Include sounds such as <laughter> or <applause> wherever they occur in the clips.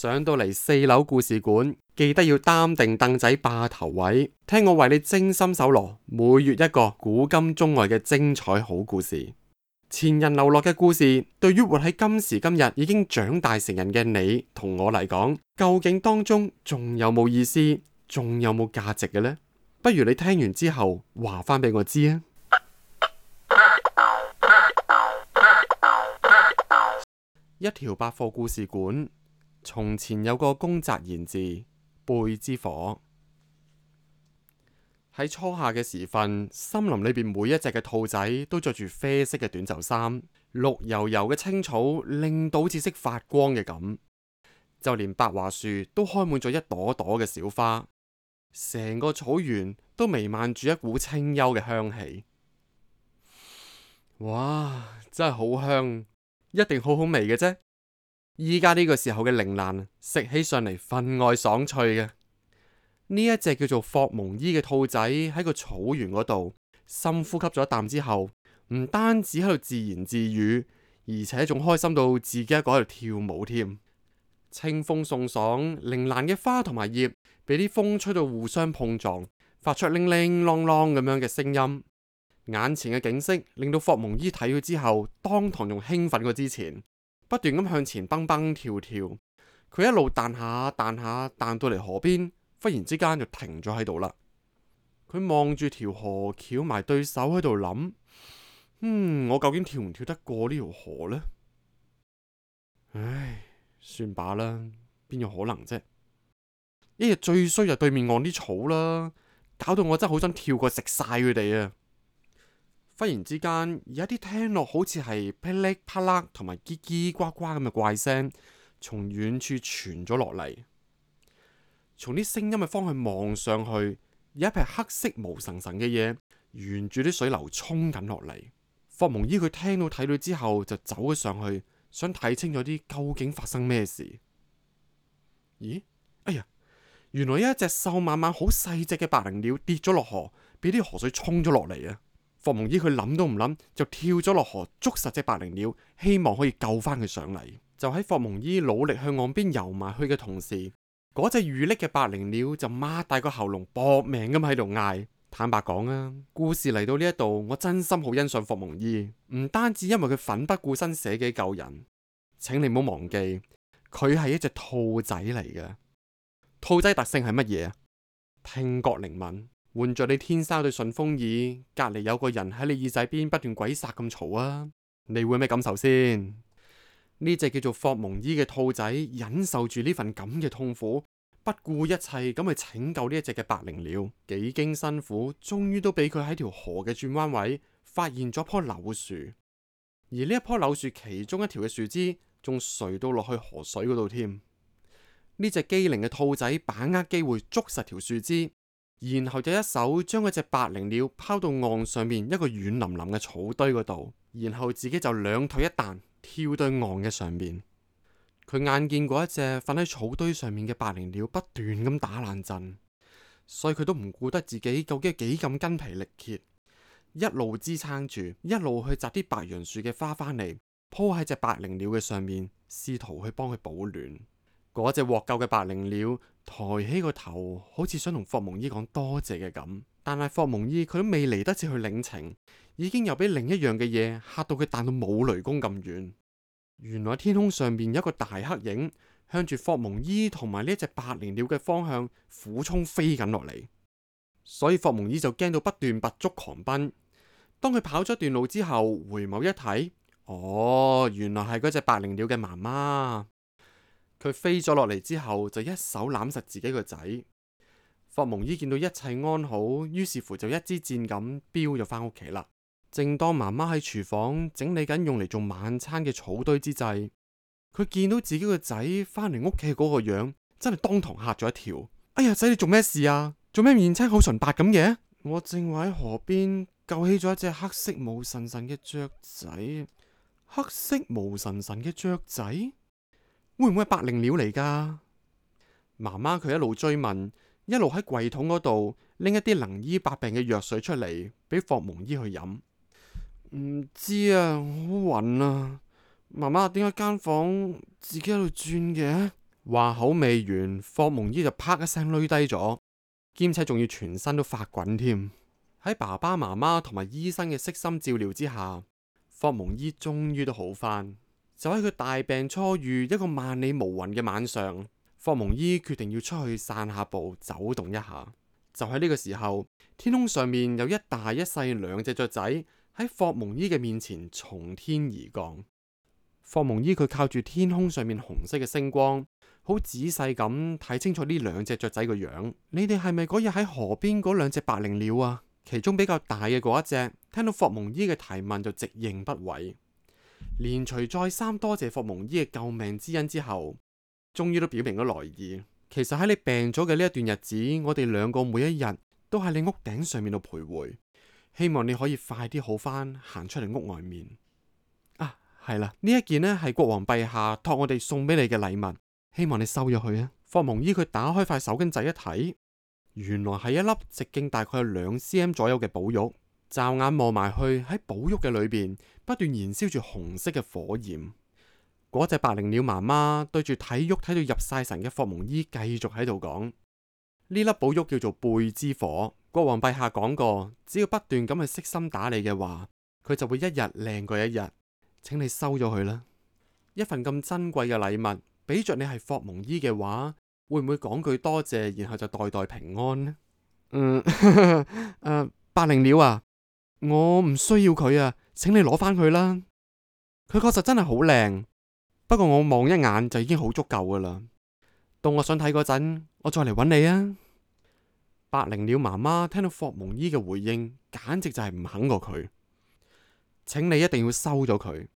上到嚟四樓故事館，記得要擔定凳仔霸頭位，聽我為你精心搜羅每月一個古今中外嘅精彩好故事。前人留落嘅故事，對於活喺今時今日已經長大成人嘅你同我嚟講，究竟當中仲有冇意思，仲有冇價值嘅呢？不如你聽完之後話翻俾我知啊！ <laughs> 一條百貨故事館。從前有個公宅言字背之火。喺初夏嘅時分，森林裏邊每一隻嘅兔仔都着住啡色嘅短袖衫。綠油油嘅青草令到似識發光嘅咁，就連白樺樹都開滿咗一朵朵嘅小花。成個草原都彌漫住一股清幽嘅香氣。哇！真係好香，一定好好味嘅啫。依家呢個時候嘅鈴蘭食起上嚟分外爽脆嘅。呢一隻叫做霍蒙伊嘅兔仔喺個草原嗰度深呼吸咗一啖之後，唔單止喺度自言自語，而且仲開心到自己一個喺度跳舞添。清風送爽，鈴蘭嘅花同埋葉俾啲風吹到互相碰撞，發出鈴鈴啷啷咁樣嘅聲音。眼前嘅景色令到霍蒙伊睇到之後，當堂仲興奮過之前，不斷咁向前蹦蹦跳跳，佢一路彈下彈下彈到嚟河邊，忽然之間就停咗喺度啦。佢望住條河，翹埋對手喺度諗：嗯，我究竟跳唔跳得過呢條河呢？唉，算罷啦，邊有可能啫？一日最衰就對面岸啲草啦，搞到我真係好想跳過食晒佢哋啊！忽然之間有一啲聽落好似係噼里啪啦同埋嘰嘰呱呱咁嘅怪聲，從遠處傳咗落嚟。從啲聲音嘅方向望上去，有一批黑色毛神神嘅嘢，沿住啲水流沖緊落嚟。霍蒙伊佢聽到睇到之後就走咗上去，想睇清楚啲究竟發生咩事。咦？哎呀！原來有一隻瘦蜢蜢好細隻嘅白靈鳥跌咗落河，俾啲河水沖咗落嚟啊！霍蒙伊佢諗都唔諗就跳咗落河，捉實隻白靈鳥，希望可以救翻佢上嚟。就喺霍蒙伊努力向岸邊游埋去嘅同時，嗰隻遇溺嘅白靈鳥就擘大個喉嚨搏命咁喺度嗌。坦白講啊，故事嚟到呢一度，我真心好欣賞霍蒙伊，唔單止因為佢奮不顧身捨己救人，請你唔好忘記佢係一隻兔仔嚟嘅。兔仔特性係乜嘢？聽覺靈敏。換着你天生對順風耳，隔籬有個人喺你耳仔邊不斷鬼殺咁嘈啊，你會咩感受先？呢隻叫做霍蒙伊嘅兔仔忍受住呢份咁嘅痛苦，不顧一切咁去拯救呢一隻嘅白靈鳥，幾經辛苦，終於都俾佢喺條河嘅轉彎位發現咗棵柳樹，而呢一棵柳樹其中一條嘅樹枝仲垂到落去河水嗰度添。呢隻機靈嘅兔仔把握機會捉實條樹枝。然後就一手將嗰隻白靈鳥拋到岸上面一個軟淋淋嘅草堆嗰度，然後自己就兩腿一彈跳到岸嘅上面。佢眼見嗰一隻瞓喺草堆上面嘅白靈鳥不斷咁打冷震，所以佢都唔顧得自己究竟幾咁筋疲力竭，一路支撐住，一路去摘啲白楊樹嘅花翻嚟鋪喺隻白靈鳥嘅上面，試圖去幫佢保暖。嗰隻獲救嘅白靈鳥抬起個頭，好似想同霍蒙伊講多謝嘅咁，但係霍蒙伊佢都未嚟得切去領情，已經又俾另一樣嘅嘢嚇到佢彈到冇雷公咁遠。原來天空上面有一個大黑影向住霍蒙伊同埋呢一隻白靈鳥嘅方向俯衝飛緊落嚟，所以霍蒙伊就驚到不斷拔足狂奔。當佢跑咗段路之後，回眸一睇，哦，原來係嗰隻白靈鳥嘅媽媽。佢飛咗落嚟之後，就一手攬實自己個仔。法蒙伊見到一切安好，於是乎就一支箭咁飆咗返屋企啦。正當媽媽喺廚房整理緊用嚟做晚餐嘅草堆之際，佢見到自己個仔返嚟屋企嗰個樣，真係當堂嚇咗一跳。哎呀，仔，你做咩事啊？做咩面青口唇白咁嘅？我正話喺河邊救起咗一隻黑色毛神神嘅雀仔，黑色毛神神嘅雀仔。會唔會係百靈鳥嚟噶？媽媽佢一路追問，一路喺櫃桶嗰度拎一啲能醫百病嘅藥水出嚟，俾霍蒙醫去飲。唔知啊，好暈啊！媽媽，點解間房自己喺度轉嘅？話口未完，霍蒙醫就啪一聲擂低咗，兼且仲要全身都發滾添。喺爸爸媽媽同埋醫生嘅悉心照料之下，霍蒙醫終於都好翻。就喺佢大病初愈，一個萬里無雲嘅晚上，霍蒙伊決定要出去散下步，走動一下。就喺呢個時候，天空上面有一大一細兩隻雀仔喺霍蒙伊嘅面前從天而降。霍蒙伊佢靠住天空上面紅色嘅星光，好仔細咁睇清楚呢兩隻雀仔個樣。你哋係咪嗰日喺河邊嗰兩隻白靈鳥啊？其中比較大嘅嗰一隻聽到霍蒙伊嘅提問就直認不諱。連隨再三多謝霍蒙依嘅救命之恩之後，終於都表明咗來意。其實喺你病咗嘅呢一段日子，我哋兩個每一日都喺你屋頂上面度徘徊。希望你可以快啲好翻，行出嚟屋外面。啊，係啦，呢一件咧係國王陛下託我哋送俾你嘅禮物，希望你收咗去啊。霍蒙依佢打開塊手巾仔一睇，原來係一粒直徑大概有兩 cm 左右嘅寶玉。驟眼望埋去，喺寶玉嘅裏邊不斷燃燒住紅色嘅火焰。嗰隻白靈鳥媽媽對住體育睇到入晒神嘅霍蒙依，繼續喺度講：呢粒寶玉叫做貝之火。國王陛下講過，只要不斷咁去悉心打理嘅話，佢就會一日靚過一日。請你收咗佢啦，一份咁珍貴嘅禮物俾着你係霍蒙依嘅話，會唔會講句多謝，然後就代代平安呢？嗯， <laughs> 呃、白百靈鳥啊！我唔需要佢啊，請你攞翻佢啦。佢確實真係好靚，不過我望一眼就已經好足夠噶啦。到我想睇嗰陣，我再嚟揾你啊。百靈鳥媽媽聽到霍蒙伊嘅回應，簡直就係唔肯過佢。請你一定要收咗佢。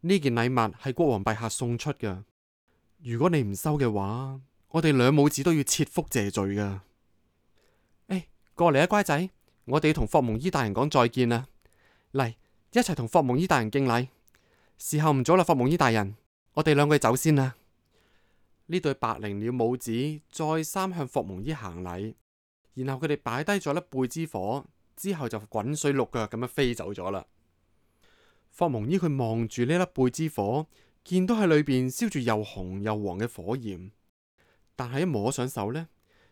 呢件禮物係國王陛下送出噶。如果你唔收嘅話，我哋兩母子都要切腹謝罪噶。哎，過嚟啊，乖仔。我哋同霍蒙伊大人講再見啦，嚟，一齊同霍蒙伊大人敬禮。時候唔早啦，霍蒙伊大人，我哋兩個走先啦。呢對白靈鳥母子再三向霍蒙伊行禮，然後佢哋擺低咗粒貝之火之後就滾水淥腳咁樣飛走咗啦。霍蒙伊佢望住呢粒貝之火，見到喺裏邊燒住又紅又黃嘅火焰，但係一摸上手呢，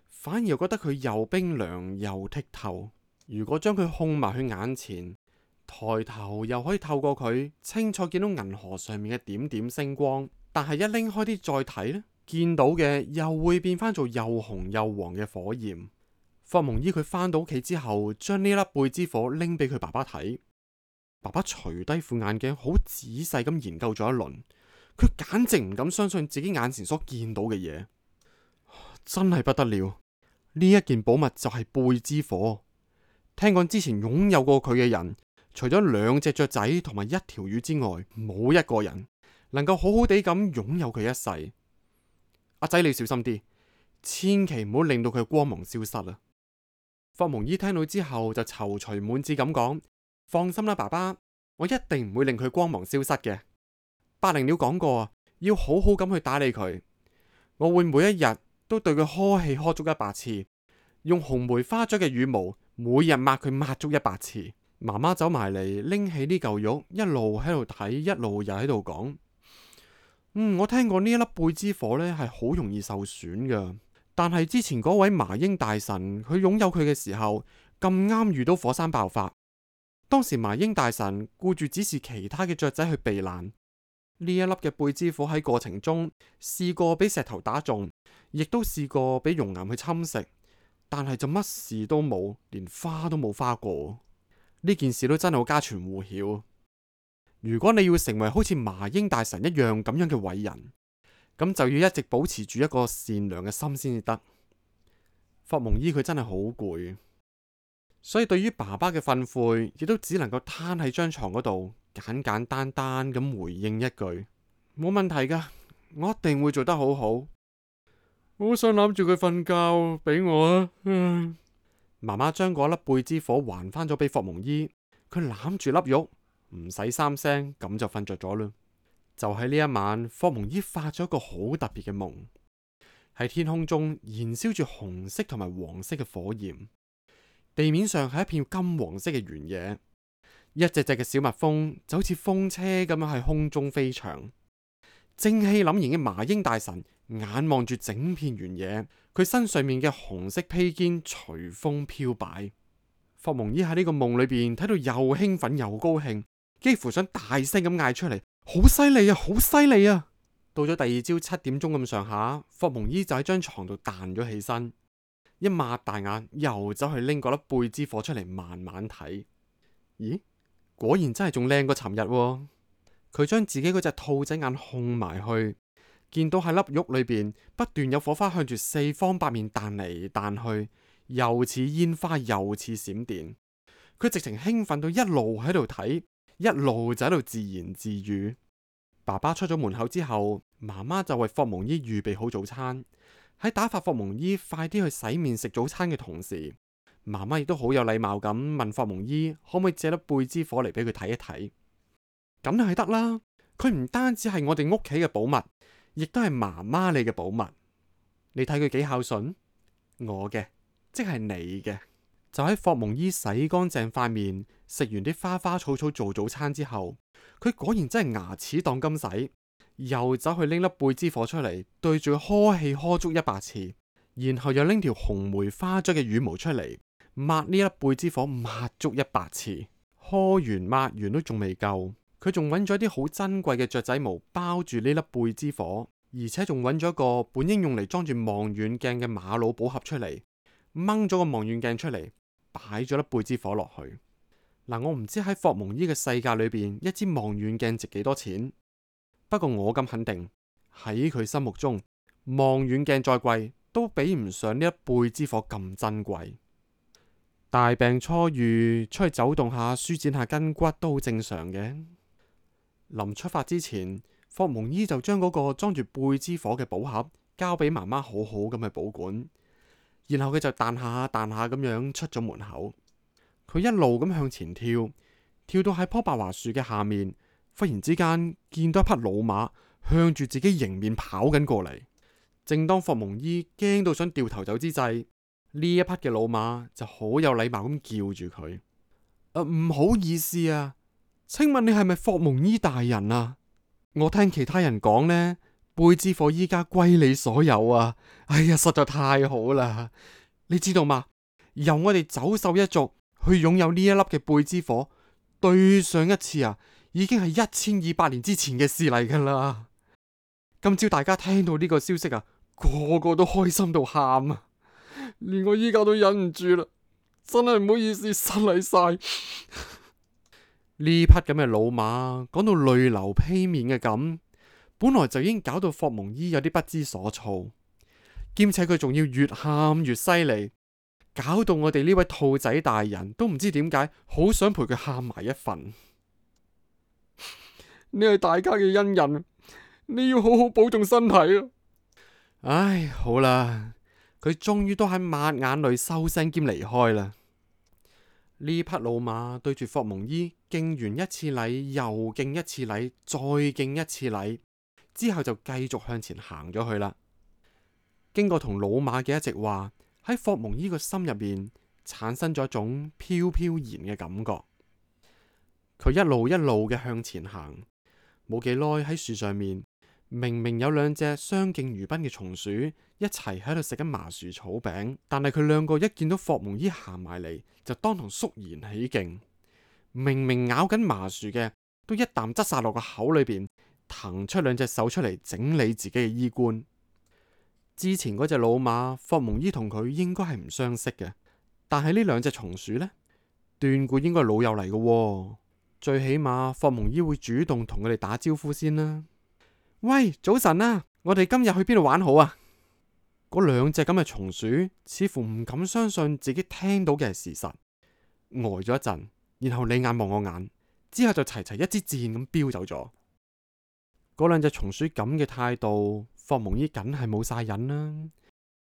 反而又覺得佢又冰涼又剔透。如果將佢控埋去眼前，抬頭又可以透過佢清楚見到銀河上面嘅點點星光。但係一拎開啲再睇呢，見到嘅又會變翻做又紅又黃嘅火焰。法蒙依佢返到屋企之後，將呢粒貝之火拎俾佢爸爸睇。爸爸除低副眼鏡，好仔細咁研究咗一輪，佢簡直唔敢相信自己眼前所見到嘅嘢，真係不得了！呢一件寶物就係貝之火。聽講之前擁有過佢嘅人，除咗兩隻雀仔同埋一條魚之外，冇一個人能夠好好地咁擁有佢一世。阿仔，你小心啲，千祈唔好令到佢光芒消失啊。法蒙伊聽到之後就躊躇滿志咁講：放心啦，爸爸，我一定唔會令佢光芒消失嘅。百靈鳥講過，要好好咁去打理佢，我會每一日都對佢呵氣呵足一百次，用紅梅花雀嘅羽毛。每日抹佢抹足一百次，媽媽走埋嚟拎起呢嚿玉，一路喺度睇，一路又喺度講。嗯，我聽過呢一粒貝之火呢係好容易受損噶。但係之前嗰位麻鷹大神，佢擁有佢嘅時候，咁啱遇到火山爆發。當時麻鷹大神顧住指示其他嘅雀仔去避難，呢一粒嘅貝之火喺過程中試過俾石頭打中，亦都試過俾熔岩去侵蝕。但係就乜事都冇，連花都冇花過。呢件事都真係好家傳戶曉。如果你要成為好似麻英大神一樣咁樣嘅偉人，咁就要一直保持住一個善良嘅心先至得。法蒙伊佢真係好攰，所以對於爸爸嘅訓誨，亦都只能夠攤喺張床嗰度，簡簡單單咁回應一句：冇問題噶，我一定會做得好好。好想攬住佢瞓覺，俾我啊！媽媽將嗰粒貝之火還返咗俾霍蒙伊，佢攬住粒玉，唔使三聲咁就瞓着咗啦。就喺呢一晚，霍蒙伊發咗一個好特別嘅夢，喺天空中燃燒住紅色同埋黃色嘅火焰，地面上係一片金黃色嘅原野，一隻隻嘅小蜜蜂就好似風車咁樣喺空中飛翔。正氣凜然嘅麻鷹大神。眼望住整片原野，佢身上面嘅紅色披肩隨風飄擺。霍蒙伊喺呢個夢裏邊睇到又興奮又高興，幾乎想大聲咁嗌出嚟：好犀利啊，好犀利啊！到咗第二朝七點鐘咁上下，霍蒙伊就喺張床度彈咗起身，一抹大眼又走去拎嗰粒貝之火出嚟慢慢睇。咦，果然真係仲靚過尋日。佢將自己嗰隻兔仔眼控埋去。見到喺粒肉裏邊不斷有火花向住四方八面彈嚟彈去，又似煙花，又似閃電。佢直情興奮到一路喺度睇，一路就喺度自言自語。爸爸出咗門口之後，媽媽就為霍蒙伊預備好早餐。喺打發霍蒙伊快啲去洗面食早餐嘅同時，媽媽亦都好有禮貌咁問霍蒙伊可唔可以借粒貝之火嚟俾佢睇一睇。咁就係得啦，佢唔單止係我哋屋企嘅寶物。亦都係媽媽你嘅寶物，你睇佢幾孝順，我嘅即係你嘅。就喺霍蒙伊洗乾淨塊面，食完啲花花草草做早餐之後，佢果然真係牙齒當金使，又走去拎粒貝之火出嚟，對住佢呵氣呵足一百次，然後又拎條紅梅花樽嘅羽毛出嚟，抹呢粒貝之火抹足一百次，呵完抹完都仲未夠。佢仲搵咗啲好珍貴嘅雀仔毛包住呢粒貝之火，而且仲搵咗個本應用嚟裝住望遠鏡嘅瑪瑙寶盒出嚟，掹咗個望遠鏡出嚟，擺咗粒貝之火落去。嗱，我唔知喺霍蒙伊嘅世界裏邊，一支望遠鏡值幾多錢？不過我咁肯定喺佢心目中，望遠鏡再貴都比唔上呢一貝之火咁珍貴。大病初癒，出去走動下，舒展下筋骨都好正常嘅。臨出發之前，霍蒙伊就將嗰個裝住貝之火嘅寶盒交俾媽媽好好咁去保管，然後佢就彈下彈下咁樣出咗門口。佢一路咁向前跳，跳到喺棵白樺樹嘅下面，忽然之間見到一匹老馬向住自己迎面跑緊過嚟。正當霍蒙伊驚到想掉頭走之際，呢一匹嘅老馬就好有禮貌咁叫住佢：誒，唔好意思啊。請問你係咪霍蒙伊大人啊？我聽其他人講呢，貝之火依家歸你所有啊！哎呀，實在太好啦！你知道嗎？由我哋走獸一族去擁有呢一粒嘅貝之火，對上一次啊，已經係一千二百年之前嘅事嚟噶啦！今朝大家聽到呢個消息啊，個個都開心到喊啊！連我依家都忍唔住啦，真係唔好意思失禮，失禮晒。呢匹咁嘅老馬講到淚流披面嘅，咁，本來就已經搞到霍蒙伊有啲不知所措，兼且佢仲要越喊越犀利，搞到我哋呢位兔仔大人都唔知點解，好想陪佢喊埋一份。你係大家嘅恩人，你要好好保重身體啊！唉，好啦，佢終於都喺抹眼淚收聲兼離開啦。呢匹老馬對住霍蒙伊敬完一次禮，又敬一次禮，再敬一次禮，之後就繼續向前行咗去啦。經過同老馬嘅一直話，喺霍蒙伊個心入面產生咗一種飄飄然嘅感覺。佢一路一路嘅向前行，冇幾耐喺樹上面。明明有兩隻相敬如賓嘅松鼠一齊喺度食緊麻薯草餅，但係佢兩個一見到霍蒙伊行埋嚟，就當堂肅然起敬。明明咬緊麻薯嘅都一啖執晒落個口裏邊，騰出兩隻手出嚟整理自己嘅衣冠。之前嗰隻老馬，霍蒙伊同佢應該係唔相識嘅，但係呢兩隻松鼠呢，斷估應該係老友嚟嘅喎，最起碼霍蒙伊會主動同佢哋打招呼先啦。喂，早晨啊，我哋今日去邊度玩好啊？嗰 <laughs> 兩隻咁嘅松鼠似乎唔敢相信自己聽到嘅係事實，呆咗一陣，然後你眼望我眼，之後就齊齊一支箭咁飆走咗。嗰 <laughs> 兩隻松鼠咁嘅態度，霍蒙伊梗係冇晒癮啦。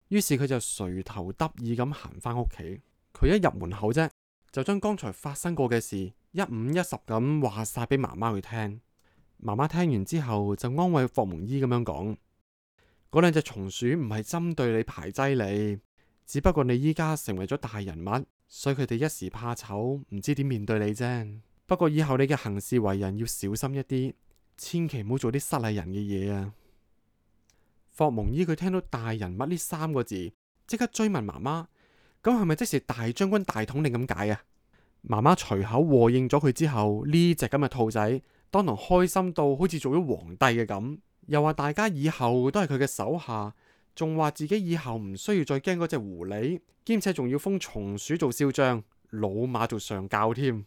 於是佢就垂頭耷耳咁行返屋企。佢一入門口啫，就將剛才發生過嘅事一五一十咁話晒俾媽媽去聽。媽媽聽完之後就安慰霍蒙伊咁樣講：「嗰兩隻松鼠唔係針對你排擠你，只不過你依家成為咗大人物，所以佢哋一時怕醜，唔知點面對你啫。不過以後你嘅行事為人要小心一啲，千祈唔好做啲失禮人嘅嘢啊！」霍蒙伊佢聽到大人物呢三個字，即刻追問媽媽：「咁係咪即時大將軍大統領咁解啊？」媽媽隨口和應咗佢之後，呢隻咁嘅兔仔。當堂開心到好似做咗皇帝嘅咁，又話大家以後都係佢嘅手下，仲話自己以後唔需要再驚嗰隻狐狸，兼且仲要封松鼠做少將，老馬做上教添。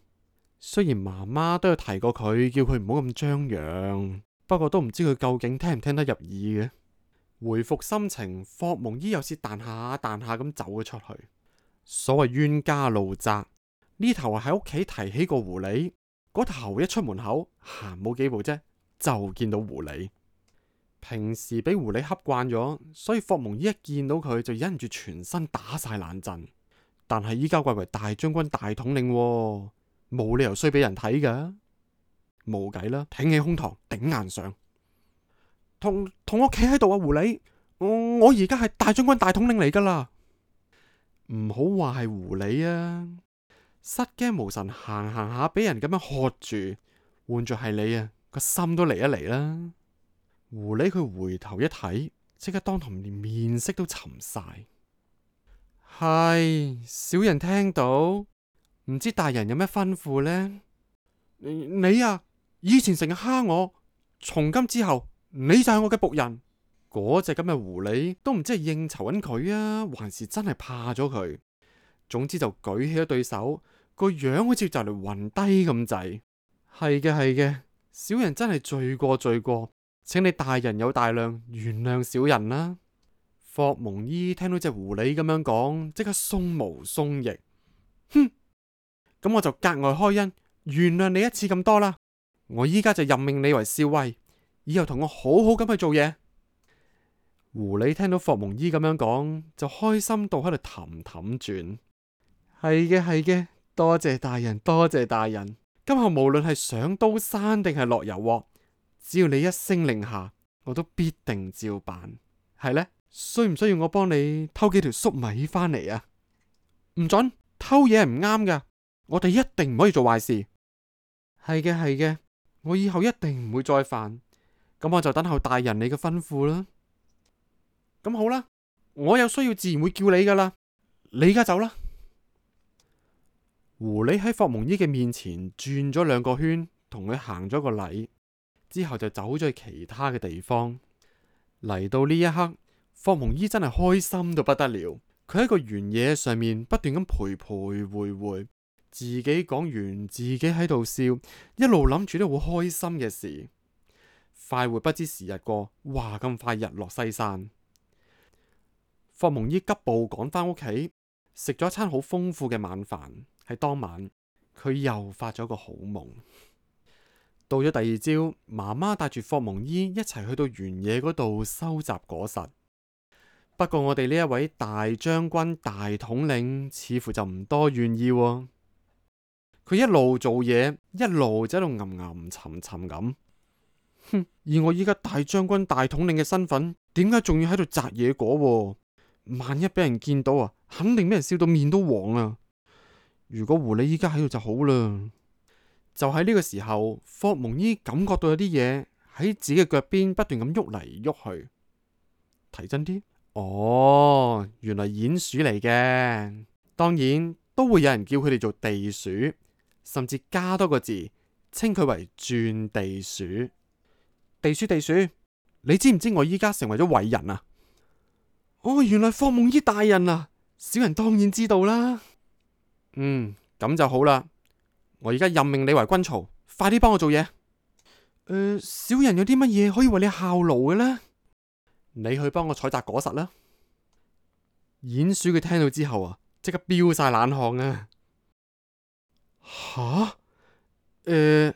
雖然媽媽都有提過佢，叫佢唔好咁張揚，不過都唔知佢究竟聽唔聽得入耳嘅。回復心情，霍蒙伊有時彈下彈下咁走咗出去。所謂冤家路窄，呢頭喺屋企提起個狐狸。我頭一出門口，行冇幾步啫，就見到狐狸。平時俾狐狸吓慣咗，所以霍蒙一見到佢就忍唔住全身打晒冷震。但係依家貴為大將軍、大統領、啊，冇理由衰俾人睇噶，冇計啦！挺起胸膛，頂硬上，同同我企喺度啊！狐狸，我我而家係大將軍、大統領嚟噶啦，唔好話係狐狸啊！失驚無神行行下，俾人咁樣喝住，換作係你啊，個心都離一離啦。狐狸佢回頭一睇，即刻當堂連面色都沉晒。係，小人聽到，唔知大人有咩吩咐呢你？你啊，以前成日蝦我，從今之後你就係我嘅僕人。嗰隻噉嘅狐狸都唔知係應酬緊佢啊，還是真係怕咗佢？總之就舉起咗對手，個樣好似就嚟暈低咁滯。係嘅係嘅，小人真係罪過罪過，請你大人有大量原諒小人啦。霍蒙伊聽到隻狐狸咁樣講，即刻鬆毛鬆翼，哼！咁我就格外開恩原諒你一次咁多啦。我依家就任命你為少尉，以後同我好好咁去做嘢。狐狸聽到霍蒙伊咁樣講，就開心到喺度氹氹轉。係嘅，係嘅，多謝大人，多謝大人。今後無論係上刀山定係落油鑊，只要你一聲令下，我都必定照辦。係呢？需唔需要我幫你偷幾條粟米翻嚟啊？唔准偷嘢，係唔啱㗎。我哋一定唔可以做壞事。係嘅，係嘅，我以後一定唔會再犯。咁我就等候大人你嘅吩咐啦。咁好啦，我有需要自然會叫你噶啦。你而家走啦。狐狸喺霍蒙伊嘅面前轉咗兩個圈，同佢行咗個禮，之後就走咗去其他嘅地方。嚟到呢一刻，霍蒙伊真係開心到不得了。佢喺個原野上面不斷咁徘徘徊徊，自己講完自己喺度笑，一路諗住都好開心嘅事。快活不知時日過，哇！咁快日落西山，霍蒙伊急步趕返屋企，食咗一餐好豐富嘅晚飯。喺當晚，佢又發咗個好夢。到咗第二朝，媽媽帶住霍蒙伊一齊去到原野嗰度收集果實。不過我哋呢一位大將軍大統領似乎就唔多願意喎。佢一路做嘢，一路就喺度吟吟沉沉咁。哼！而我依家大將軍大統領嘅身份，點解仲要喺度摘野果喎？萬一俾人見到啊，肯定俾人笑到面都黃啊！如果狐狸依家喺度就好啦。就喺呢個時候，霍夢依感覺到有啲嘢喺自己嘅腳邊不斷咁喐嚟喐去。睇真啲哦，原來鼴鼠嚟嘅。當然都會有人叫佢哋做地鼠，甚至加多個字，稱佢為鑽地鼠。地鼠地鼠，你知唔知我依家成為咗偉人啊？哦，原來霍夢依大人啊，小人當然知道啦。嗯，咁就好啦。我而家任命你為軍曹，快啲幫我做嘢。誒、呃，小人有啲乜嘢可以為你效勞嘅呢？你去幫我採摘果實啦。鼴鼠佢聽到之後啊，即刻飆晒冷汗啊！吓？誒、呃，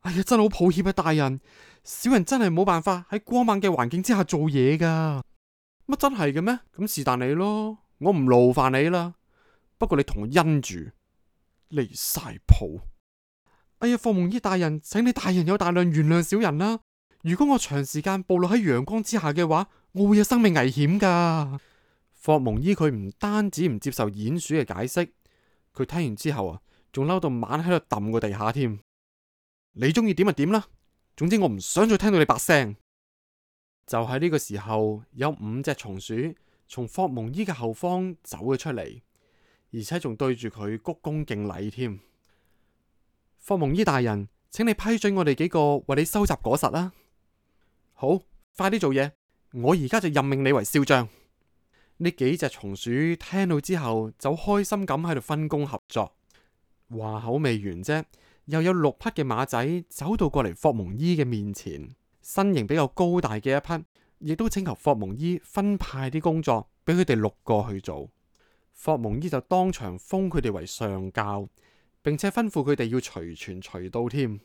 哎呀，真係好抱歉啊，大人。小人真係冇辦法喺光猛嘅環境之下做嘢噶。乜真係嘅咩？咁是但你咯，我唔勞煩你啦。不過你同我因住離晒譜。泡哎呀，霍蒙伊大人，請你大人有大量原諒小人啦、啊。如果我長時間暴露喺陽光之下嘅話，我會有生命危險噶。霍蒙伊佢唔單止唔接受鼹鼠嘅解釋，佢聽完之後啊，仲嬲到猛喺度揼個地下添。你中意點就點啦，總之我唔想再聽到你把聲。就喺呢個時候，有五隻松鼠從霍蒙伊嘅後方走咗出嚟。而且仲對住佢鞠躬敬禮添。霍蒙伊大人，請你批准我哋幾個為你收集果實啦啊。好，快啲做嘢！我而家就任命你為少將。呢幾隻松鼠聽到之後就開心咁喺度分工合作。話口未完啫，又有六匹嘅馬仔走到過嚟，霍蒙伊嘅面前，身形比較高大嘅一匹，亦都請求霍蒙伊分派啲工作俾佢哋六個去做。霍蒙伊就當場封佢哋為上教，並且吩咐佢哋要隨傳隨到添。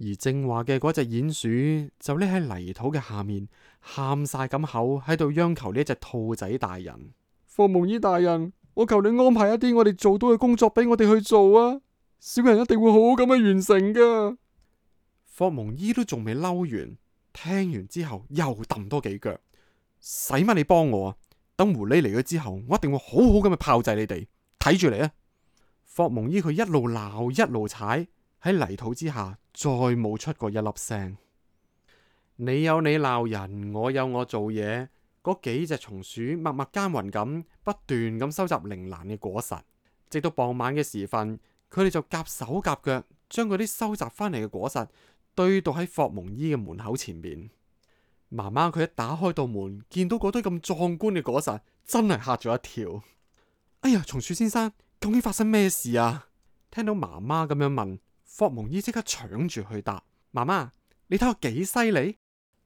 而正話嘅嗰隻鼴鼠就匿喺泥土嘅下面，喊晒咁口喺度央求呢一隻兔仔大人：霍蒙伊大人，我求你安排一啲我哋做到嘅工作俾我哋去做啊！小人一定會好好咁去完成噶。霍蒙伊都仲未嬲完，聽完之後又揼多幾腳，使乜你幫我啊？等狐狸嚟咗之後，我一定會好好咁去炮製你哋，睇住嚟啊！霍蒙伊佢一路鬧一路踩喺泥土之下，再冇出過一粒聲。你有你鬧人，我有我做嘢。嗰幾隻松鼠默默耕耘咁，不斷咁收集鈴蘭嘅果實，直到傍晚嘅時分，佢哋就夾手夾腳將嗰啲收集翻嚟嘅果實堆到喺霍蒙伊嘅門口前面。媽媽佢一打開道門，見到嗰堆咁壯觀嘅果實，真係吓咗一跳。哎呀，松鼠先生，究竟發生咩事啊？聽到媽媽咁樣問，霍蒙伊即刻搶住去答，媽媽，你睇我幾犀利，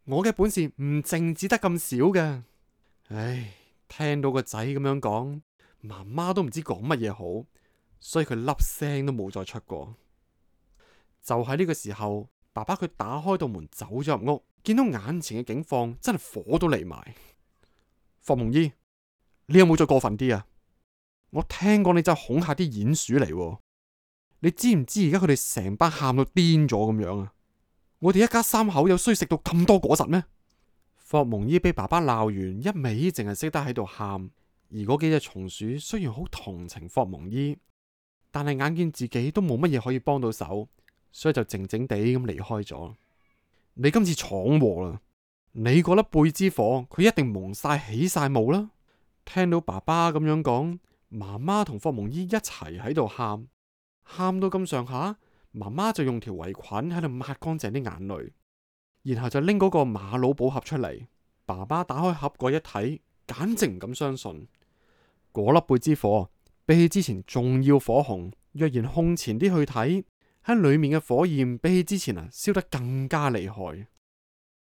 我嘅本事唔淨止得咁少嘅。唉，聽到個仔咁樣講，媽媽都唔知講乜嘢好，所以佢粒聲都冇再出過。就喺呢個時候，爸爸佢打開道門走咗入屋。見到眼前嘅境況，真係火都嚟埋。霍蒙伊，你有冇再過分啲啊？我聽講你真係恐嚇啲鼴鼠嚟，你知唔知而家佢哋成班喊到癲咗咁樣啊？我哋一家三口有需要食到咁多果實咩？霍蒙伊俾爸爸鬧完，一味淨係識得喺度喊。而嗰幾隻松鼠雖然好同情霍蒙伊，但係眼見自己都冇乜嘢可以幫到手，所以就靜靜地咁離開咗。你今次闖禍啦！你嗰粒貝之火，佢一定蒙晒起晒霧啦！聽到爸爸咁樣講，媽媽同霍蒙伊一齊喺度喊，喊到咁上下，媽媽就用條圍裙喺度抹乾淨啲眼淚，然後就拎嗰個馬瑙寶盒出嚟。爸爸打開盒蓋一睇，簡直唔敢相信，嗰粒貝之火比起之前仲要火紅，若然空前啲去睇。喺裏面嘅火焰比起之前啊，燒得更加厲害。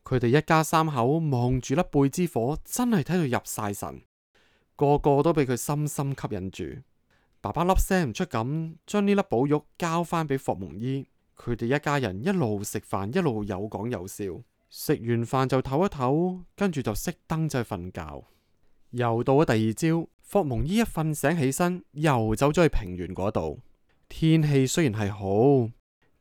佢哋一家三口望住粒貝之火，真係睇到入晒神，個個都俾佢深深吸引住。爸爸粒聲唔出咁，將呢粒寶玉交返俾霍蒙伊。佢哋一家人一路食飯，一路有講有笑。食完飯就唞一唞，跟住就熄燈就去瞓覺。又到咗第二朝，霍蒙伊一瞓醒起身，又走咗去平原嗰度。天氣雖然係好，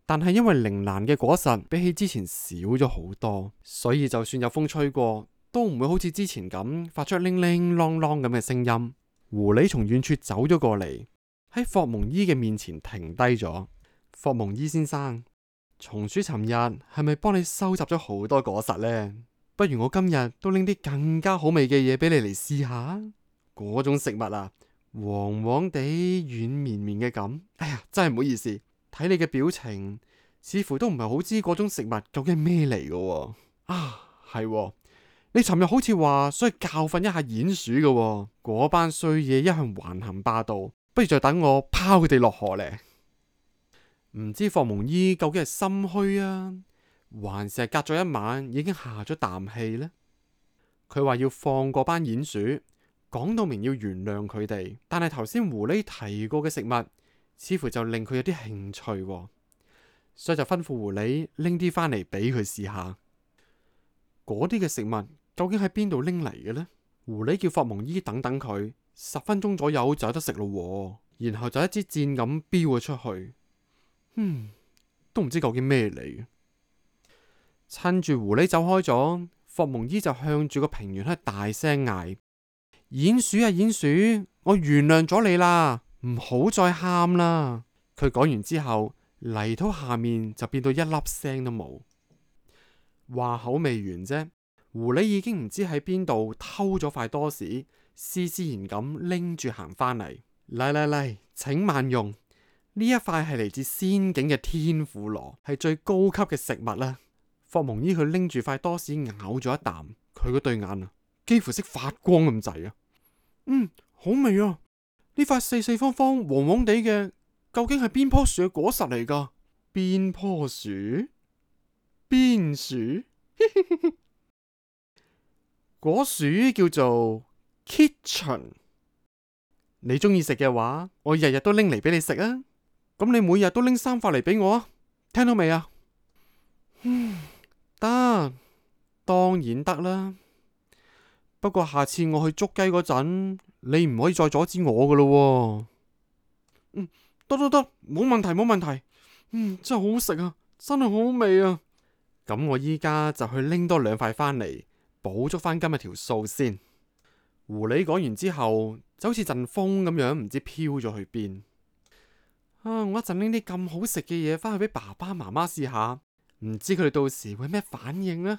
但係因為鈴蘭嘅果實比起之前少咗好多，所以就算有風吹過，都唔會好似之前咁發出鈴鈴啷啷咁嘅聲音。狐狸從遠處走咗過嚟，喺霍蒙伊嘅面前停低咗。霍蒙伊先生，松鼠尋日係咪幫你收集咗好多果實呢？不如我今日都拎啲更加好味嘅嘢俾你嚟試下嗰種食物啊！黃黃地軟綿綿嘅，噉，哎呀，真係唔好意思。睇你嘅表情，似乎都唔係好知嗰種食物究竟係咩嚟嘅。啊，係喎，你尋日好似話想要教訓一下鼴鼠嘅喎，嗰班衰嘢一向橫行霸道，不如再等我拋佢哋落河咧。唔知霍蒙伊究竟係心虛啊，還是係隔咗一晚已經下咗啖氣呢？佢話要放嗰班鼴鼠。講到明要原諒佢哋，但係頭先狐狸提過嘅食物，似乎就令佢有啲興趣，所以就吩咐狐狸拎啲翻嚟俾佢試下。嗰啲嘅食物究竟喺邊度拎嚟嘅呢？狐狸叫霍蒙伊等等佢十分鐘左右就有得食咯。然後就一支箭咁飆咗出去，嗯，都唔知究竟咩嚟。趁住狐狸走開咗，霍蒙伊就向住個平原喺度大聲嗌。鼹鼠啊鼹鼠，我原諒咗你啦，唔好再喊啦。佢講完之後，泥土下面就變到一粒聲都冇。話口未完啫，狐狸已經唔知喺邊度偷咗塊多士，斯斯然咁拎住行返嚟。嚟嚟嚟，請慢用。呢一塊係嚟自仙境嘅天婦羅，係最高級嘅食物啦。霍蒙伊佢拎住塊多士咬咗一啖，佢嗰對眼啊，幾乎識發光咁滯啊！嗯，好味啊！呢塊四四方方、黃黃地嘅，究竟係邊棵樹嘅果實嚟㗎？邊棵樹？邊樹？ <laughs> 果樹叫做 Kitchen。你中意食嘅話，我日日都拎嚟俾你食啊！咁你每日都拎三塊嚟俾我啊！聽到未啊？嗯，得，當然得啦。不過下次我去捉雞嗰陣，你唔可以再阻止我噶咯。嗯，得得得，冇問題，冇問題。嗯，真係好食啊，真係好好味啊。咁我依家就去拎多兩塊翻嚟，補足翻今日條數先。狐狸講完之後，就好似陣風咁樣，唔知飄咗去邊。啊，我一陣拎啲咁好食嘅嘢翻去俾爸爸媽媽試下，唔知佢哋到時會咩反應呢？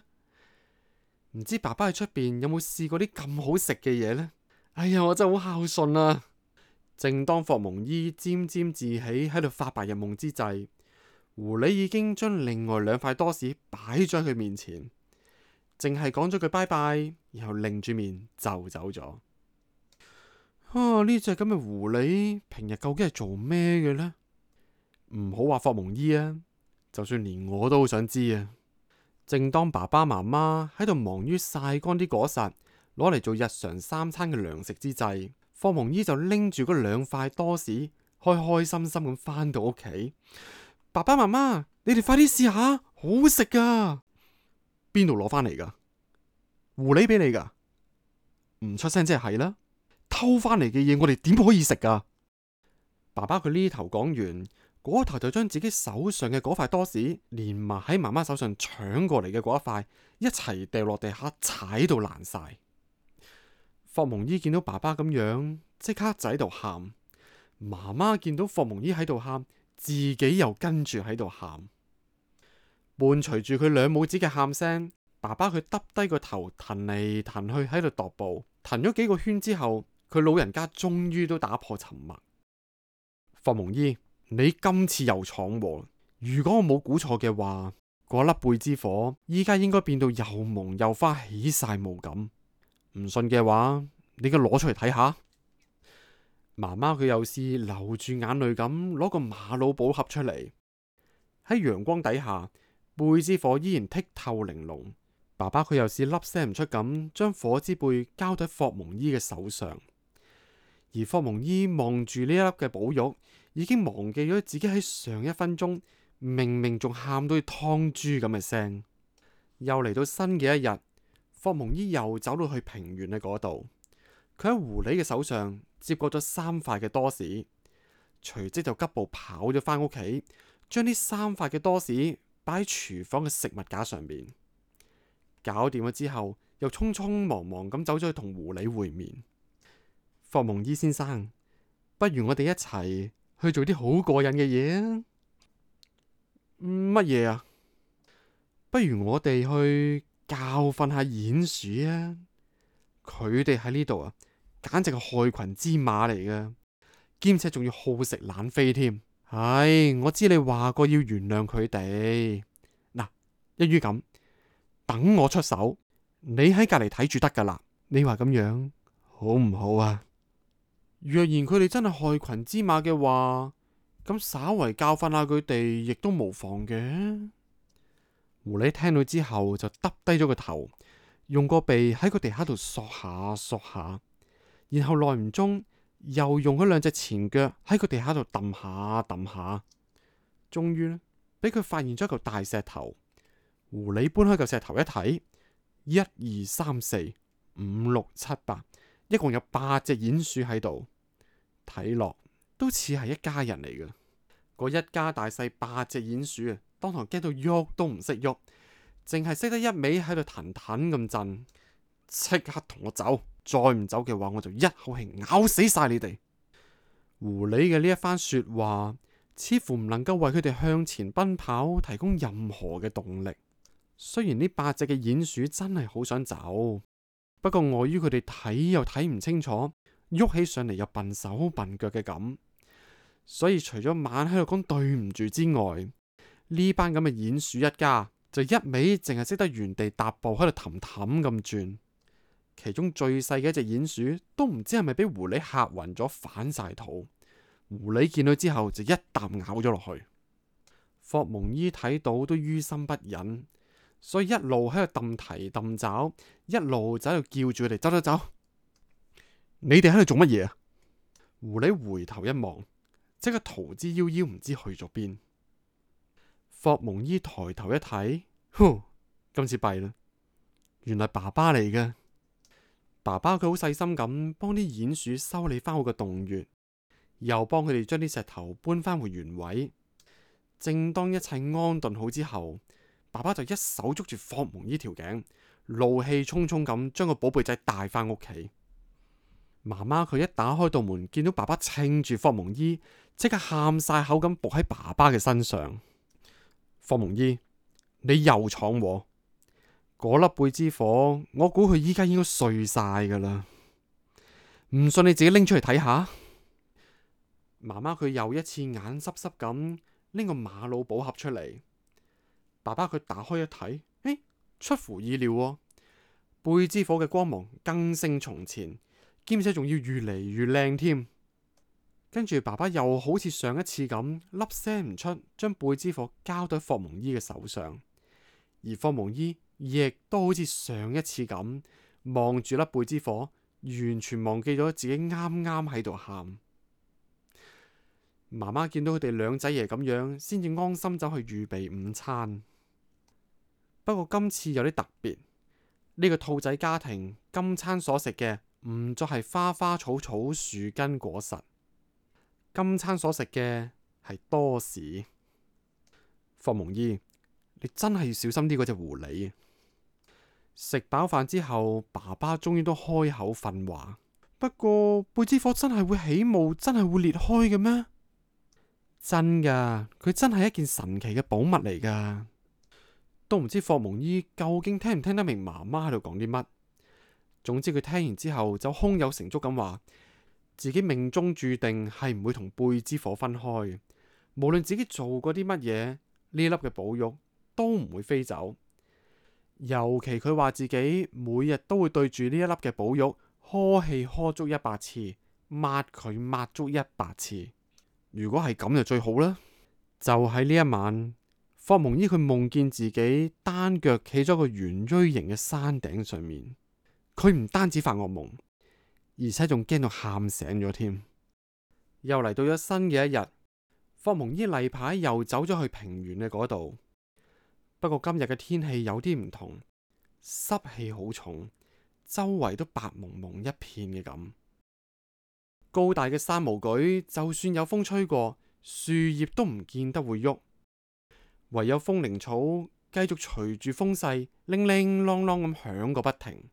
唔知爸爸喺出邊有冇試過啲咁好食嘅嘢呢？哎呀，我真係好孝順啊！正當霍蒙伊沾沾自喜喺度發白日夢之際，狐狸已經將另外兩塊多士擺咗喺佢面前，淨係講咗句拜拜，然後擰住面就走咗。啊！呢隻咁嘅狐狸，平日究竟係做咩嘅呢？唔好話霍蒙伊啊，就算連我都好想知啊！正當爸爸媽媽喺度忙於曬乾啲果實，攞嚟做日常三餐嘅糧食之際，霍蒙姨就拎住嗰兩塊多士，開開心心咁翻到屋企。爸爸媽媽，你哋快啲試下，好好食噶。邊度攞翻嚟噶？狐狸俾你噶？唔出聲即係係啦。偷翻嚟嘅嘢，我哋點可以食噶？爸爸佢呢頭講完。嗰頭就將自己手上嘅嗰塊多士，連埋喺媽媽手上搶過嚟嘅嗰一塊，一齊掉落地下，踩到爛晒。霍蒙伊見到爸爸咁樣，即刻喺度喊。媽媽見到霍蒙伊喺度喊，自己又跟住喺度喊。伴隨住佢兩母子嘅喊聲，爸爸佢耷低個頭，騰嚟騰去喺度踱步。騰咗幾個圈之後，佢老人家終於都打破沉默。霍蒙伊。你今次又闖禍。如果我冇估錯嘅話，嗰粒貝之火依家應該變到又矇又花，起晒霧咁。唔信嘅話，你應該攞出嚟睇下。媽媽佢又試留住眼淚咁，攞個瑪瑙寶盒出嚟。喺陽光底下，貝之火依然剔透玲瓏。爸爸佢又試粒聲唔出咁，將火之貝交喺霍蒙伊嘅手上。而霍蒙伊望住呢一粒嘅寶玉。已經忘記咗自己喺上一分鐘明明仲喊到劏豬咁嘅聲，又嚟到新嘅一日。霍蒙伊又走到去平原嘅嗰度，佢喺狐狸嘅手上接過咗三塊嘅多士，隨即就急步跑咗返屋企，將呢三塊嘅多士擺喺廚房嘅食物架上面。搞掂咗之後，又匆匆忙忙咁走咗去同狐狸會面。霍蒙伊先生，不如我哋一齊。去做啲好過癮嘅嘢啊！乜嘢啊？不如我哋去教訓下鼹鼠啊！佢哋喺呢度啊，簡直係害群之馬嚟㗎，兼且仲要好食懶飛添。唉、哎，我知你話過要原諒佢哋。嗱，一於咁，等我出手，你喺隔籬睇住得㗎啦。你話咁樣好唔好啊？若然佢哋真係害群之馬嘅話，咁稍為教訓下佢哋亦都無妨嘅。狐狸聽到之後就耷低咗個頭，用個鼻喺個地下度索下索下，然後耐唔中又用咗兩隻前腳喺個地下度揼下揼下，終於呢，俾佢發現咗一嚿大石頭。狐狸搬開嚿石頭一睇，一二三四五六七八，一共有八隻鼹鼠喺度。睇落都似係一家人嚟㗎，嗰一家大細八隻鼹鼠啊，當堂驚到喐都唔識喐，淨係識得一味喺度騰騰咁震。即刻同我走，再唔走嘅話，我就一口氣咬死晒你哋！狐狸嘅呢一番說話，似乎唔能夠為佢哋向前奔跑提供任何嘅動力。雖然呢八隻嘅鼹鼠真係好想走，不過礙於佢哋睇又睇唔清楚。喐起上嚟又笨手笨腳嘅咁，所以除咗猛喺度講對唔住之外，呢班咁嘅鼹鼠一家就一味淨係識得原地踏步喺度氹氹咁轉，其中最細嘅一隻鼹鼠都唔知係咪俾狐狸嚇暈咗反晒肚，狐狸見到之後就一啖咬咗落去。霍蒙伊睇到都於心不忍，所以一路喺度掟蹄掟爪，一路就喺度叫住佢哋走走走。你哋喺度做乜嘢啊？狐狸回頭一望，即刻逃之夭夭，唔知去咗邊。霍蒙伊抬頭一睇，呼，今次弊啦，原來爸爸嚟嘅。爸爸佢好細心咁幫啲鼴鼠修理翻好個洞穴，又幫佢哋將啲石頭搬返回原位。正當一切安頓好之後，爸爸就一手捉住霍蒙伊條頸，怒氣冲冲咁將個寶貝仔帶返屋企。媽媽佢一打開道門，見到爸爸撐住霍蒙伊，即刻喊晒口咁撲喺爸爸嘅身上。霍蒙伊，你又闖禍，嗰粒貝之火，我估佢依家應該碎晒噶啦。唔信，你自己拎出嚟睇下。媽媽佢又一次眼濕濕咁拎個馬魯寶盒出嚟。爸爸佢打開一睇，誒，出乎意料啊，貝之火嘅光芒更勝從前。兼且仲要越嚟越靚添，跟住爸爸又好似上一次咁粒聲唔出，將貝之火交到霍蒙伊嘅手上，而霍蒙伊亦都好似上一次咁望住粒貝之火，完全忘記咗自己啱啱喺度喊。媽媽見到佢哋兩仔爺咁樣，先至安心走去預備午餐。不過今次有啲特別，呢、這個兔仔家庭今餐所食嘅。唔再係花花草草，草、樹根果實，今餐所食嘅係多士。霍蒙伊，你真係要小心啲嗰隻狐狸。食飽飯之後，爸爸終於都開口訓話。不過，貝之火真係會起霧，真係會裂開嘅咩？真噶，佢真係一件神奇嘅寶物嚟噶。都唔知霍蒙伊究竟聽唔聽得明媽媽喺度講啲乜。總之佢聽完之後就空有成竹咁話，自己命中注定係唔會同貝之火分開，無論自己做過啲乜嘢，呢粒嘅寶玉都唔會飛走。尤其佢話自己每日都會對住呢一粒嘅寶玉呵氣呵足一百次，抹佢抹足一百次。如果係咁就最好啦。就喺呢一晚，霍蒙伊佢夢見自己單腳企咗個圓錐形嘅山頂上面。佢唔單止發惡夢，而且仲驚到喊醒咗添。又嚟到咗新嘅一日，霍蒙依例牌又走咗去平原嘅嗰度。不過今日嘅天氣有啲唔同，濕氣好重，周圍都白濛濛一片嘅咁。高大嘅山毛櫸就算有風吹過，樹葉都唔見得會喐，唯有風鈴草繼續隨住風勢，鈴鈴啷啷咁響個不停。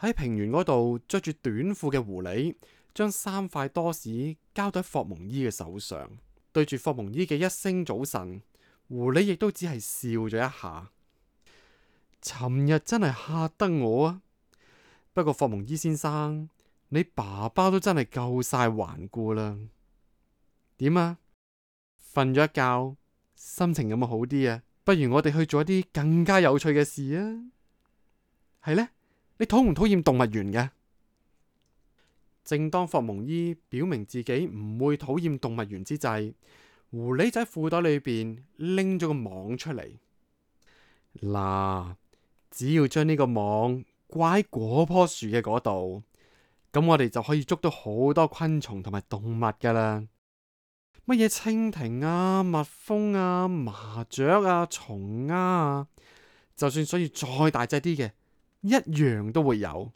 喺平原嗰度，着住短褲嘅狐狸將三塊多士交到霍蒙伊嘅手上，對住霍蒙伊嘅一聲早晨，狐狸亦都只係笑咗一下。尋日真係嚇得我啊！不過霍蒙伊先生，你爸爸都真係夠晒頑固啦。點啊？瞓咗一覺，心情有冇好啲啊！不如我哋去做一啲更加有趣嘅事啊！係呢？你討唔討厭動物園嘅？正當霍蒙伊表明自己唔會討厭動物園之際，狐狸仔褲袋裏邊拎咗個網出嚟。嗱、啊，只要將呢個網掛喺嗰棵樹嘅嗰度，咁我哋就可以捉到好多昆蟲同埋動物噶啦。乜嘢蜻蜓啊、蜜蜂啊、麻雀啊、蟲啊，就算想要再大隻啲嘅，一樣都會有，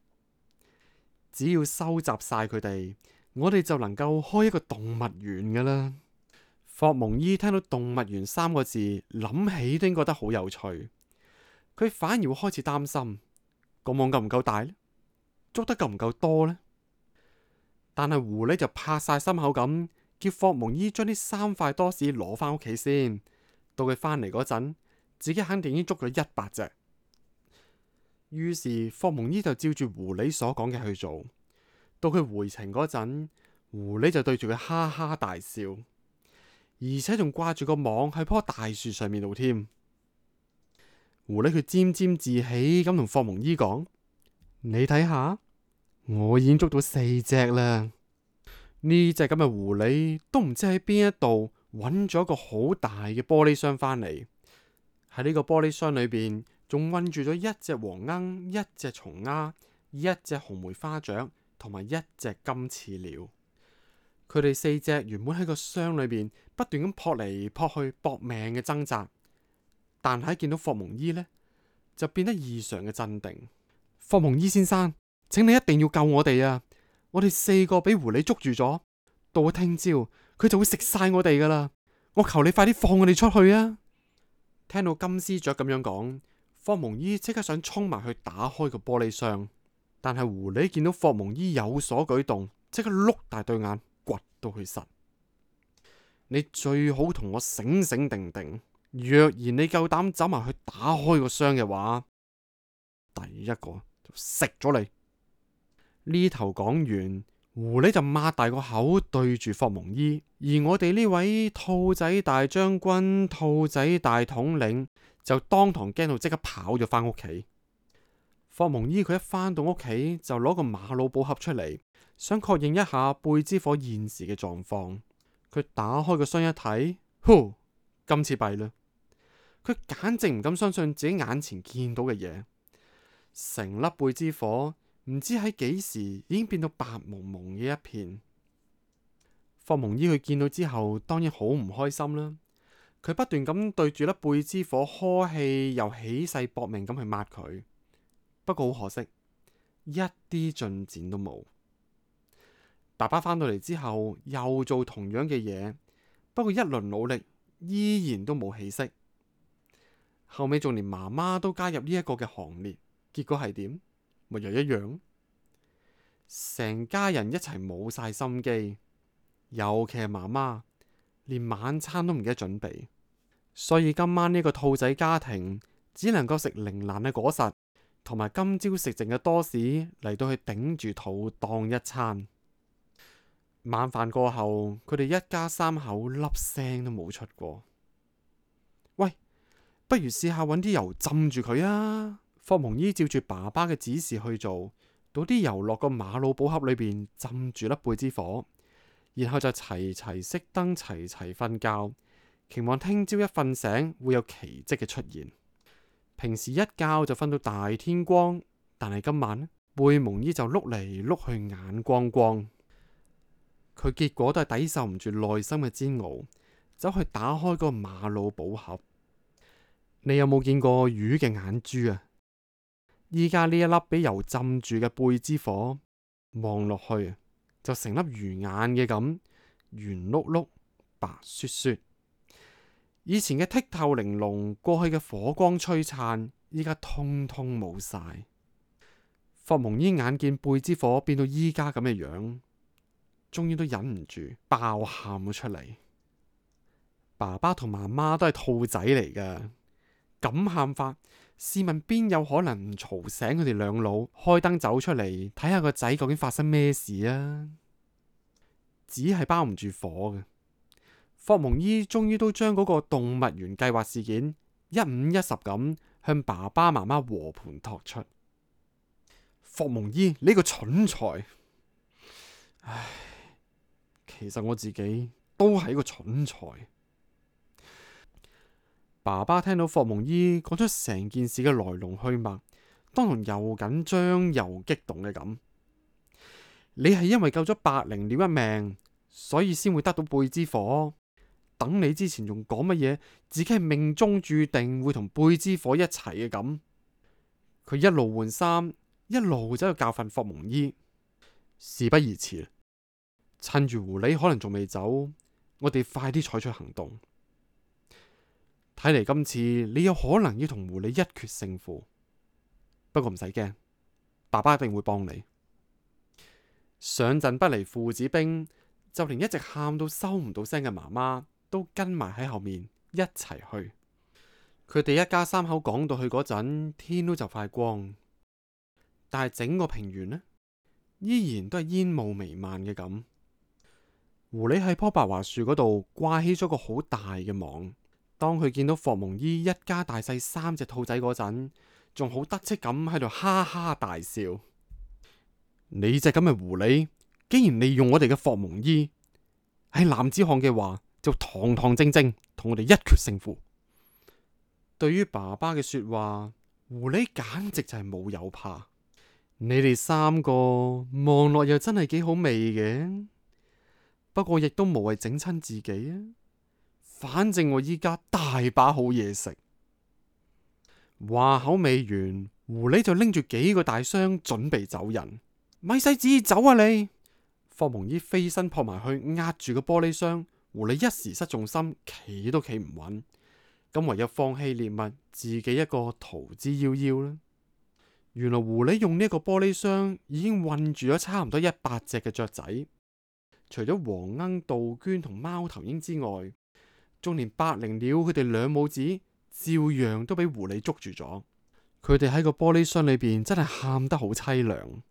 只要收集晒佢哋，我哋就能夠開一個動物園㗎喇。霍蒙伊聽到動物園三個字，諗起都應該覺得好有趣，佢反而會開始擔心個網夠唔夠大呢，捉得夠唔夠多呢？但係狐狸就拍晒心口咁，叫霍蒙伊將呢三塊多士攞翻屋企先。到佢翻嚟嗰陣，自己肯定已經捉咗一百隻。於是，霍蒙伊就照住狐狸所講嘅去做，到佢回程嗰陣，狐狸就對住佢哈哈大笑，而且仲掛住個網喺棵大樹上面度添。狐狸佢沾沾自喜咁同霍蒙伊講：你睇下，我已經捉到四隻啦。呢隻咁嘅狐狸都唔知喺邊一度搵咗個好大嘅玻璃箱返嚟，喺呢個玻璃箱裏邊。仲困住咗一隻黃鶯、一隻松鴉、一隻紅梅花雀同埋一隻金翅鳥。佢哋四隻原本喺個箱裏邊不斷咁撲嚟撲去，搏命嘅掙扎。但係見到霍蒙伊呢，就變得異常嘅鎮定。霍蒙伊先生，請你一定要救我哋啊！我哋四個俾狐狸捉住咗，到咗聽朝佢就會食晒我哋噶啦。我求你快啲放我哋出去啊！聽到金絲雀咁樣講。霍蒙伊即刻想衝埋去打開個玻璃箱，但係狐狸見到霍蒙伊有所舉動，即刻碌大對眼，掘到佢實。你最好同我醒醒定定，若然你夠膽走埋去打開個箱嘅話，第一個就食咗你。呢頭講完，狐狸就擘大個口對住霍蒙伊，而我哋呢位兔仔大將軍、兔仔大統領。就當堂驚到，即刻跑咗返屋企。霍蒙伊佢一返到屋企，就攞個馬瑙寶盒出嚟，想確認一下貝之火現時嘅狀況。佢打開個箱一睇，呼，今次弊啦！佢簡直唔敢相信自己眼前見到嘅嘢，成粒貝之火唔知喺幾時已經變到白蒙蒙嘅一片。霍蒙伊佢見到之後，當然好唔開心啦。佢不斷咁對住粒貝之火呵氣，又起勢搏命咁去抹佢。不過好可惜，一啲進展都冇。爸爸返到嚟之後又做同樣嘅嘢，不過一輪努力依然都冇起色。後尾仲連媽媽都加入呢一個嘅行列，結果係點？咪又一樣。成家人一齊冇晒心機，尤其係媽媽，連晚餐都唔記得準備。所以今晚呢個兔仔家庭只能夠食凌蘭嘅果實，同埋今朝食剩嘅多士嚟到去頂住肚當一餐。晚飯過後，佢哋一家三口粒聲都冇出過。喂，不如試下揾啲油浸住佢啊！霍蒙依照住爸爸嘅指示去做，倒啲油落個馬路寶盒裏邊，浸住粒貝之火，然後就齊齊熄燈，齊齊瞓覺。期望聽朝一瞓醒會有奇蹟嘅出現。平時一覺就瞓到大天光，但係今晚呢？貝蒙衣就碌嚟碌去，眼光光。佢結果都係抵受唔住內心嘅煎熬，走去打開個瑪瑙寶盒。你有冇見過魚嘅眼珠啊？依家呢一粒俾油浸住嘅貝之火，望落去就成粒魚眼嘅咁圓碌碌、白雪雪。以前嘅剔透玲瓏，過去嘅火光璀璨，依家通通冇晒。霍蒙依眼見背之火變到依家咁嘅樣，終於都忍唔住爆喊咗出嚟。爸爸同媽媽都係兔仔嚟噶，咁喊法，試問邊有可能唔嘈醒佢哋兩老開燈走出嚟睇下個仔究竟發生咩事啊？紙係包唔住火嘅。霍蒙伊終於都將嗰個動物園計劃事件一五一十咁向爸爸媽媽和盤托出。霍蒙伊，你個蠢材！唉，其實我自己都係一個蠢材。爸爸聽到霍蒙伊講出成件事嘅來龍去脈，當然又緊張又激動嘅咁。你係因為救咗百靈鳥一命，所以先會得到貝之火。等你之前仲講乜嘢？自己係命中注定會同貝之火一齊嘅咁。佢一路換衫，一路走去教訓霍蒙伊。事不宜遲，趁住狐狸可能仲未走，我哋快啲採取行動。睇嚟今次你有可能要同狐狸一決勝負，不過唔使驚，爸爸一定會幫你。上陣不離父子兵，就連一直喊到收唔到聲嘅媽媽都跟埋喺後面一齊去。佢哋一家三口講到去嗰陣，天都就快光，但係整個平原呢，依然都係煙霧彌漫嘅咁。狐狸喺棵白樺樹嗰度掛起咗個好大嘅網。當佢見到霍蒙衣一家大細三隻兔仔嗰陣，仲好得戚咁喺度哈哈大笑。你隻咁嘅狐狸，竟然利用我哋嘅霍蒙衣，係男子漢嘅話。就堂堂正正同我哋一決勝負。對於爸爸嘅說話，狐狸簡直就係冇有怕。你哋三個望落又真係幾好味嘅，不過亦都無謂整親自己啊。反正我依家大把好嘢食。話口未完，狐狸就拎住幾個大箱準備走人。咪使旨意走啊你，霍蒙伊飛身撲埋去壓住個玻璃箱。狐狸一時失重心，企都企唔穩，咁唯有放棄獵物，自己一個逃之夭夭啦。原來狐狸用呢個玻璃箱已經韫住咗差唔多一百隻嘅雀仔，除咗黃鶯、杜鵑同貓頭鷹之外，仲連百靈鳥佢哋兩母子照樣都俾狐狸捉住咗。佢哋喺個玻璃箱裏面真係喊得好凄涼。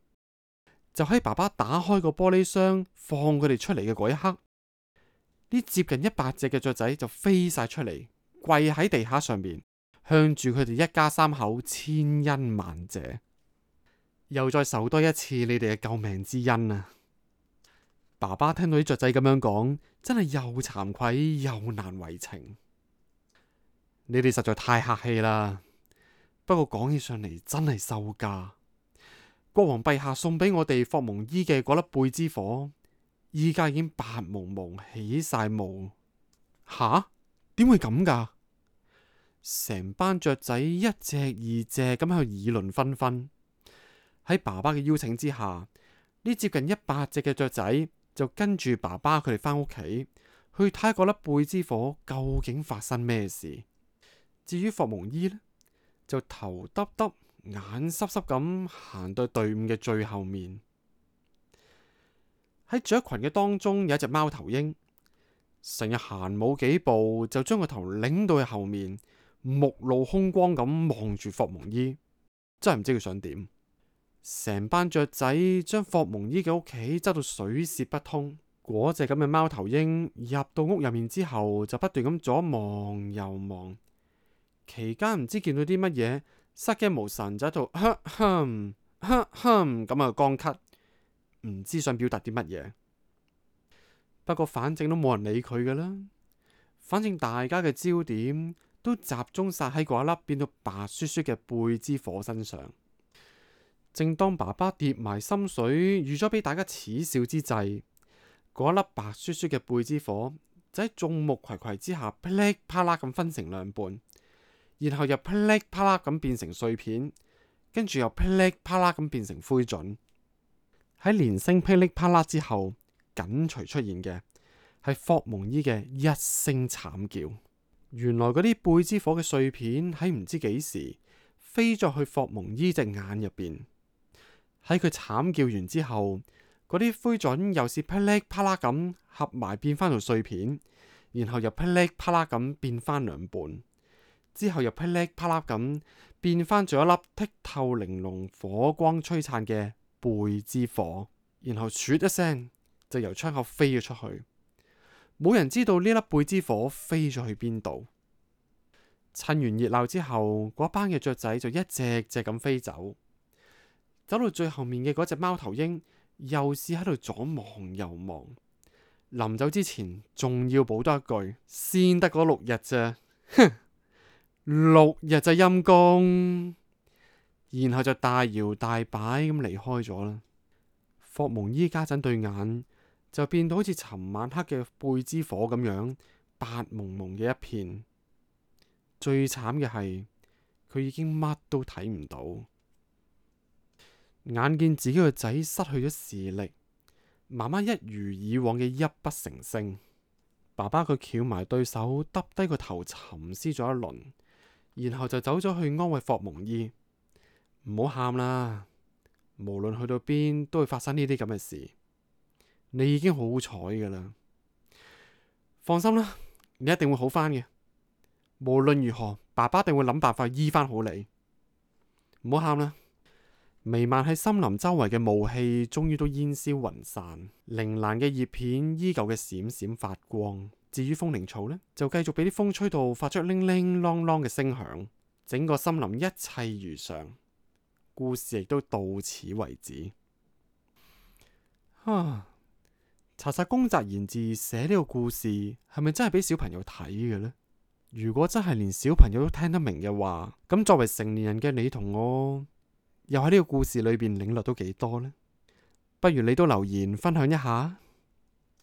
就喺爸爸打開個玻璃箱放佢哋出嚟嘅嗰一刻。呢接近一百隻嘅雀仔就飛晒出嚟，跪喺地下上面，向住佢哋一家三口千恩萬謝，又再受多一次你哋嘅救命之恩啊！爸爸聽到啲雀仔咁樣講，真係又慚愧又難為情。你哋實在太客氣啦，不過講起上嚟真係羞家。國王陛下送俾我哋霍蒙伊嘅嗰粒貝之火，而家已經白蒙蒙起晒霧，吓、啊？點會咁噶？成班雀仔一隻二隻咁喺度議論紛紛。喺爸爸嘅邀請之下，呢接近一百隻嘅雀仔就跟住爸爸佢哋翻屋企去睇嗰粒貝之火究竟發生咩事。至於霍蒙伊呢，就頭耷耷、眼濕濕咁行到隊伍嘅最後面。喺雀群嘅當中有一隻貓頭鷹，成日行冇幾步就將個頭擰到去後面，目露凶光咁望住霍蒙伊，真係唔知佢想點。成班雀仔將霍蒙伊嘅屋企執到水泄不通，嗰隻咁嘅貓頭鷹入到屋入面之後，就不斷咁左望右望，期間唔知見到啲乜嘢，失驚無神就喺度，哼哼哼哼咁啊乾咳。唔知想表達啲乜嘢，不過反正都冇人理佢㗎啦。反正大家嘅焦點都集中晒喺嗰一粒變到白雪雪嘅貝之火身上。正當爸爸跌埋心水，預咗俾大家恥笑之際，嗰一粒白雪雪嘅貝之火就喺眾目睽睽之下噼里啪啦咁分成兩半，然後又噼里啪啦咁變成碎片，跟住又噼里啪啦咁變成灰燼。喺連聲噼哩啪啦之後，緊隨出現嘅係霍蒙伊嘅一聲慘叫。原來嗰啲貝之火嘅碎片喺唔知幾時飛咗去霍蒙伊隻眼入邊。喺佢慘叫完之後，嗰啲灰燼又是噼哩啪啦咁合埋變翻做碎片，然後又噼哩啪啦咁變翻兩半，之後又噼哩啪啦咁變翻做一粒剔透玲瓏、火光璀璨嘅。背之火，然後唰一聲就由窗口飛咗出去。冇人知道呢粒背之火飛咗去邊度。趁完熱鬧之後，嗰班嘅雀仔就一隻一隻咁飛走。走到最後面嘅嗰隻貓頭鷹，又是喺度左望右望。臨走之前，仲要補多一句：先得嗰六日咋？哼，六日就陰功。然後就大搖大擺咁離開咗啦。霍蒙伊家陣對眼就變到好似尋晚黑嘅貝之火咁樣白蒙蒙嘅一片。最慘嘅係佢已經乜都睇唔到。眼見自己個仔失去咗視力，媽媽一如以往嘅泣不成聲。爸爸佢翹埋對手，耷低個頭沉思咗一輪，然後就走咗去安慰霍蒙伊。唔好喊啦！無論去到邊，都會發生呢啲咁嘅事。你已經好彩噶啦，放心啦，你一定會好翻嘅。無論如何，爸爸一定會諗辦法醫翻好你。唔好喊啦！彌漫喺森林周圍嘅霧氣，終於都煙消雲散。凌蘭嘅葉片依舊嘅閃閃發光。至於風鈴草呢，就繼續俾啲風吹到，發出鈴鈴啷啷嘅聲響。整個森林一切如常。故事亦都到此為止。哈，查實公澤言志寫呢個故事係咪真係俾小朋友睇嘅呢？如果真係連小朋友都聽得明嘅話，咁作為成年人嘅你同我，又喺呢個故事裏邊領略到幾多呢？不如你都留言分享一下。